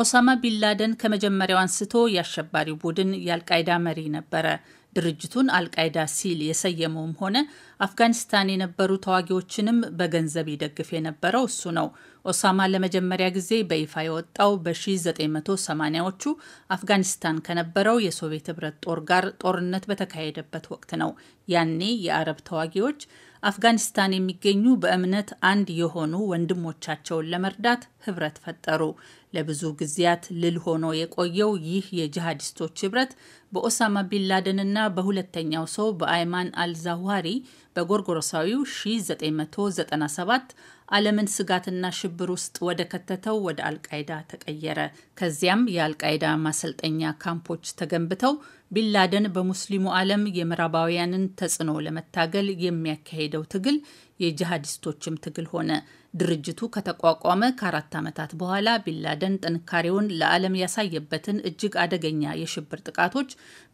ኦሳማ ቢንላደን ከመጀመሪያው አንስቶ የአሸባሪው ቡድን የአልቃይዳ መሪ ነበረ። ድርጅቱን አልቃይዳ ሲል የሰየመውም ሆነ አፍጋኒስታን የነበሩ ተዋጊዎችንም በገንዘብ ይደግፍ የነበረው እሱ ነው። ኦሳማ ለመጀመሪያ ጊዜ በይፋ የወጣው በ1980ዎቹ አፍጋኒስታን ከነበረው የሶቪየት ህብረት ጦር ጋር ጦርነት በተካሄደበት ወቅት ነው። ያኔ የአረብ ተዋጊዎች አፍጋኒስታን የሚገኙ በእምነት አንድ የሆኑ ወንድሞቻቸውን ለመርዳት ህብረት ፈጠሩ። ለብዙ ጊዜያት ልል ሆኖ የቆየው ይህ የጂሃዲስቶች ህብረት በኦሳማ ቢንላደንና በሁለተኛው ሰው በአይማን አልዛዋሪ በጎርጎሮሳዊው 1997 ዓለምን ስጋትና ሽብር ውስጥ ወደ ከተተው ወደ አልቃይዳ ተቀየረ። ከዚያም የአልቃይዳ ማሰልጠኛ ካምፖች ተገንብተው ቢንላደን በሙስሊሙ ዓለም የምዕራባውያንን ተጽዕኖ ለመታገል የሚያካሂደው ትግል የጂሃዲስቶችም ትግል ሆነ። ድርጅቱ ከተቋቋመ ከአራት ዓመታት በኋላ ቢንላደን ጥንካሬውን ለዓለም ያሳየበትን እጅግ አደገኛ የሽብር ጥቃቶች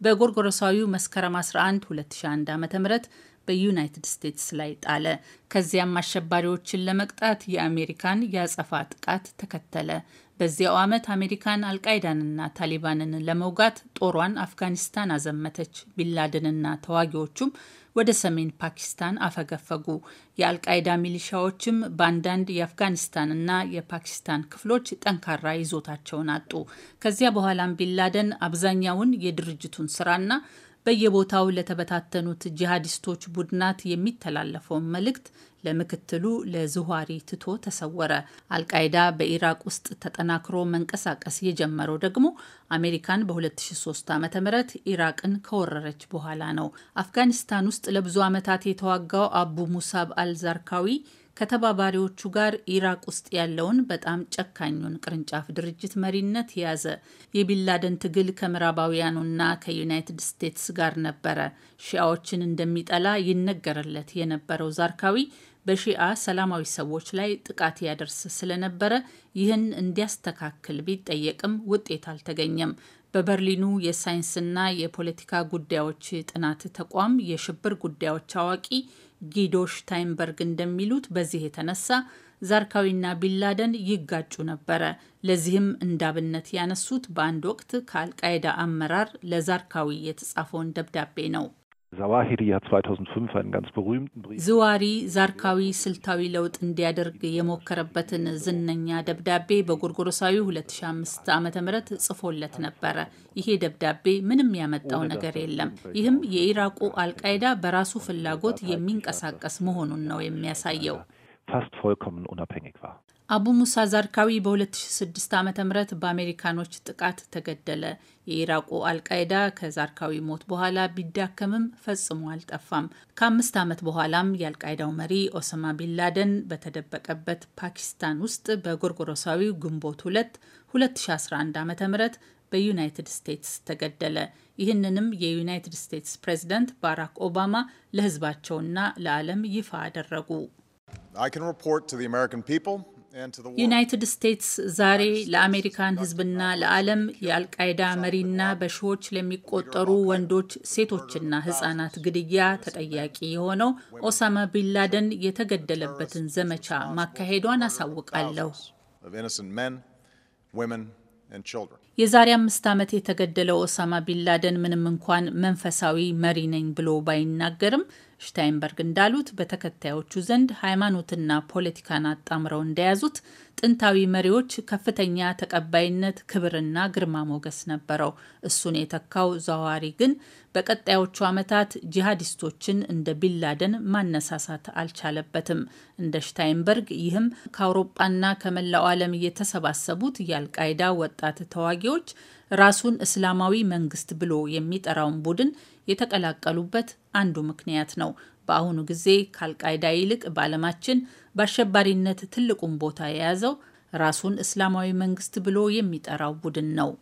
በጎርጎረሳዊው መስከረም 11 2001 ዓ ም በዩናይትድ ስቴትስ ላይ ጣለ። ከዚያም አሸባሪዎችን ለመቅጣት የአሜሪካን የአጸፋ ጥቃት ተከተለ። በዚያው ዓመት አሜሪካን አልቃይዳንና ታሊባንን ለመውጋት ጦሯን አፍጋኒስታን አዘመተች። ቢንላደንና ተዋጊዎቹም ወደ ሰሜን ፓኪስታን አፈገፈጉ። የአልቃይዳ ሚሊሻዎችም በአንዳንድ የአፍጋኒስታንና የፓኪስታን ክፍሎች ጠንካራ ይዞታቸውን አጡ። ከዚያ በኋላም ቢንላደን አብዛኛውን የድርጅቱን ስራና በየቦታው ለተበታተኑት ጂሃዲስቶች ቡድናት የሚተላለፈውን መልእክት ለምክትሉ ለዝዋሪ ትቶ ተሰወረ። አልቃይዳ በኢራቅ ውስጥ ተጠናክሮ መንቀሳቀስ የጀመረው ደግሞ አሜሪካን በ2003 ዓ ም ኢራቅን ከወረረች በኋላ ነው። አፍጋኒስታን ውስጥ ለብዙ ዓመታት የተዋጋው አቡ ሙሳብ አልዛርካዊ ከተባባሪዎቹ ጋር ኢራቅ ውስጥ ያለውን በጣም ጨካኙን ቅርንጫፍ ድርጅት መሪነት ያዘ። የቢንላደን ትግል ከምዕራባውያኑና ከዩናይትድ ስቴትስ ጋር ነበረ። ሺአዎችን እንደሚጠላ ይነገርለት የነበረው ዛርካዊ በሺአ ሰላማዊ ሰዎች ላይ ጥቃት ያደርስ ስለነበረ ይህን እንዲያስተካክል ቢጠየቅም ውጤት አልተገኘም። በበርሊኑ የሳይንስና የፖለቲካ ጉዳዮች ጥናት ተቋም የሽብር ጉዳዮች አዋቂ ጊዶ ሽታይንበርግ እንደሚሉት በዚህ የተነሳ ዛርካዊና ቢንላደን ይጋጩ ነበረ። ለዚህም እንዳብነት ያነሱት በአንድ ወቅት ከአልቃይዳ አመራር ለዛርካዊ የተጻፈውን ደብዳቤ ነው። ዝዋሪ ዛርካዊ ስልታዊ ለውጥ እንዲያደርግ የሞከረበትን ዝነኛ ደብዳቤ በጎርጎሮሳዊ 2005 ዓ ም ጽፎለት ነበረ። ይሄ ደብዳቤ ምንም ያመጣው ነገር የለም። ይህም የኢራቁ አልቃይዳ በራሱ ፍላጎት የሚንቀሳቀስ መሆኑን ነው የሚያሳየው። አቡ ሙሳ ዛርካዊ በ2006 ዓ ም በአሜሪካኖች ጥቃት ተገደለ። የኢራቁ አልቃይዳ ከዛርካዊ ሞት በኋላ ቢዳከምም ፈጽሞ አልጠፋም። ከአምስት ዓመት በኋላም የአልቃይዳው መሪ ኦሰማ ቢንላደን በተደበቀበት ፓኪስታን ውስጥ በጎርጎሮሳዊ ግንቦት 2 2011 ዓ ም በዩናይትድ ስቴትስ ተገደለ። ይህንንም የዩናይትድ ስቴትስ ፕሬዚደንት ባራክ ኦባማ ለህዝባቸውና ለዓለም ይፋ አደረጉ። ዩናይትድ ስቴትስ ዛሬ ለአሜሪካን ሕዝብና ለዓለም የአልቃይዳ መሪና በሺዎች ለሚቆጠሩ ወንዶች ሴቶችና ሕጻናት ግድያ ተጠያቂ የሆነው ኦሳማ ቢንላደን የተገደለበትን ዘመቻ ማካሄዷን አሳውቃለሁ። የዛሬ አምስት ዓመት የተገደለው ኦሳማ ቢንላደን ምንም እንኳን መንፈሳዊ መሪ ነኝ ብሎ ባይናገርም ሽታይንበርግ እንዳሉት በተከታዮቹ ዘንድ ሃይማኖትና ፖለቲካን አጣምረው እንደያዙት ጥንታዊ መሪዎች ከፍተኛ ተቀባይነት፣ ክብርና ግርማ ሞገስ ነበረው። እሱን የተካው ዘዋሪ ግን በቀጣዮቹ ዓመታት ጂሃዲስቶችን እንደ ቢንላደን ማነሳሳት አልቻለበትም። እንደ ሽታይንበርግ ይህም ከአውሮጳና ከመላው ዓለም የተሰባሰቡት የአልቃይዳ ወጣት ተዋጊዎች ራሱን እስላማዊ መንግስት ብሎ የሚጠራውን ቡድን የተቀላቀሉበት አንዱ ምክንያት ነው። በአሁኑ ጊዜ ከአልቃይዳ ይልቅ በዓለማችን በአሸባሪነት ትልቁን ቦታ የያዘው ራሱን እስላማዊ መንግስት ብሎ የሚጠራው ቡድን ነው።